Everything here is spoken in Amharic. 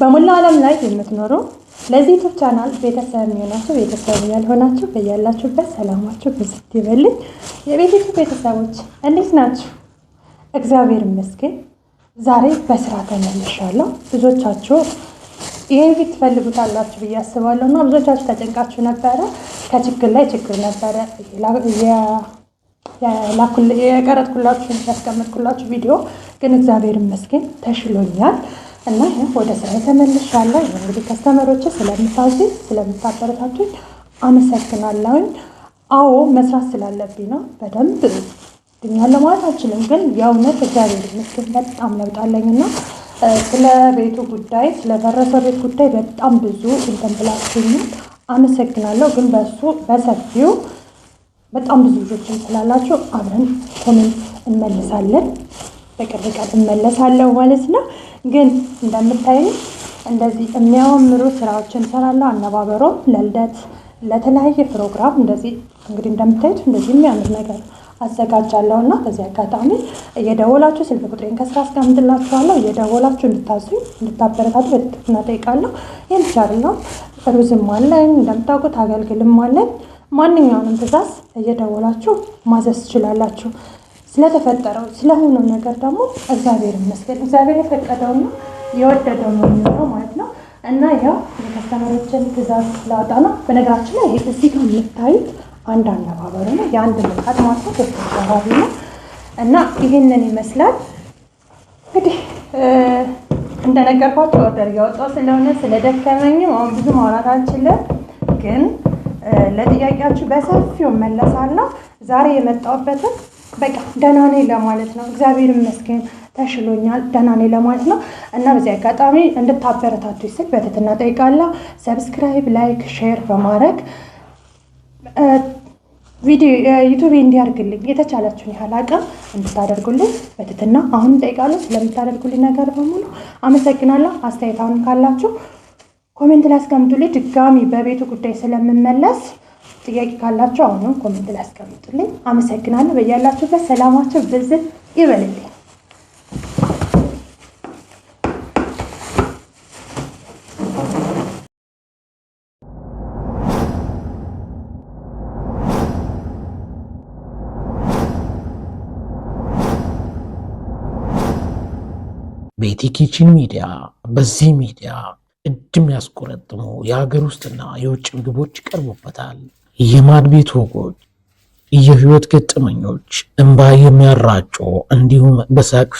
በሙላ ዓለም ላይ የምትኖሩ ለዚህ ዩቱብ ቻናል ቤተሰብ የሚሆናችሁ ቤተሰብ ያልሆናችሁ በያላችሁበት ሰላማችሁ ብዝት ይበልኝ። የቤቱ ቤተሰቦች እንዴት ናችሁ? እግዚአብሔር ይመስገን። ዛሬ በስራ ተመልሻለሁ። ብዙዎቻችሁ ይህን ፊት ትፈልጉታላችሁ ብዬ አስባለሁ እና ብዙዎቻችሁ ተጨንቃችሁ ነበረ። ከችግር ላይ ችግር ነበረ የቀረጥኩላችሁ ያስቀመጥኩላችሁ ቪዲዮ ግን እግዚአብሔር ይመስገን ተሽሎኛል። እና ይህ ወደ ስራ የተመልሻለሁ። እንግዲህ ከስተመሮች ስለምታዙ ስለምታበረታቱኝ አመሰግናለሁኝ። አዎ መስራት ስላለብኝ ነው። በደንብ ድኛለሁ ማለት አችልም፣ ግን የእውነት እግዚአብሔር ይመስገን በጣም ለውጣለኝ እና ስለ ቤቱ ጉዳይ ስለ ቤት ጉዳይ በጣም ብዙ እንትን ብላችሁኝ አመሰግናለሁ። ግን በእሱ በሰፊው በጣም ብዙ ልጆችን ስላላችሁ አብረን ኮሜንት እንመልሳለን። በቅርብ ቀን እመለሳለሁ ማለት ነው። ግን እንደምታዩ እንደዚህ የሚያማምሩ ስራዎችን እንሰራለሁ። አነባበሮ ለልደት፣ ለተለያየ ፕሮግራም እንደዚህ እንግዲህ እንደምታዩት እንደዚህ የሚያምር ነገር አዘጋጃለሁ እና በዚህ አጋጣሚ እየደወላችሁ ስልክ ቁጥሬን ከስራ አስቀምጥላችኋለሁ። እየደወላችሁ እንድታዙኝ እንድታበረታቱ በትህትና እጠይቃለሁ። ይህን ብቻ ሩዝም አለን እንደምታውቁት፣ አገልግልም አለን። ማንኛውንም ትእዛዝ እየደወላችሁ ማዘዝ ትችላላችሁ። ስለተፈጠረው ስለሆነው ነገር ደግሞ እግዚአብሔር ይመስገን። እግዚአብሔር የፈቀደውና የወደደው ነው የሚሆነው ማለት ነው። እና ያው የከስተመሮችን ትእዛዝ ላወጣ ነው። በነገራችን ላይ እዚህ ጋር የምታዩት አንድ አነባበሩ ነው፣ የአንድ ምልቃት ማሰብ ነው። አካባቢ ነው እና ይህንን ይመስላል እንግዲህ እንደነገርኳቸው ኦርደር እያወጣሁ ስለሆነ ስለደከመኝም አሁን ብዙ ማውራት አልችልም፣ ግን ለጥያቄያችሁ በሰፊው መለሳለሁ ዛሬ የመጣሁበትን በቃ ደህና ነኝ ለማለት ነው። እግዚአብሔር ይመስገን ተሽሎኛል፣ ደህና ነኝ ለማለት ነው እና በዚህ አጋጣሚ እንድታበረታቱ ስል በትህትና ጠይቃለሁ። ሰብስክራይብ፣ ላይክ፣ ሼር በማድረግ ቪዲዮ ዩቱብ እንዲያርግልኝ የተቻላችሁን ያህል አቅም እንድታደርጉልኝ በትህትና አሁን ጠይቃለሁ። ስለምታደርጉልኝ ነገር በሙሉ አመሰግናለሁ። አሁን ካላችሁ ኮሜንት ላይ አስቀምጡልኝ። ድጋሚ በቤቱ ጉዳይ ስለምመለስ ጥያቄ ካላችሁ አሁንም ኮሜንት ላይ አስቀምጡልኝ። አመሰግናለሁ። በያላችሁበት ሰላማችሁ ብዝት ይበልልኝ። ቤቲ ኪችን ሚዲያ በዚህ ሚዲያ እድም ያስቆረጥሙ የሀገር ውስጥና የውጭ ምግቦች ይቀርቡበታል። የማድ ቤት ወጎች፣ የህይወት ገጠመኞች፣ እንባ የሚያራጩ እንዲሁም በሳቅ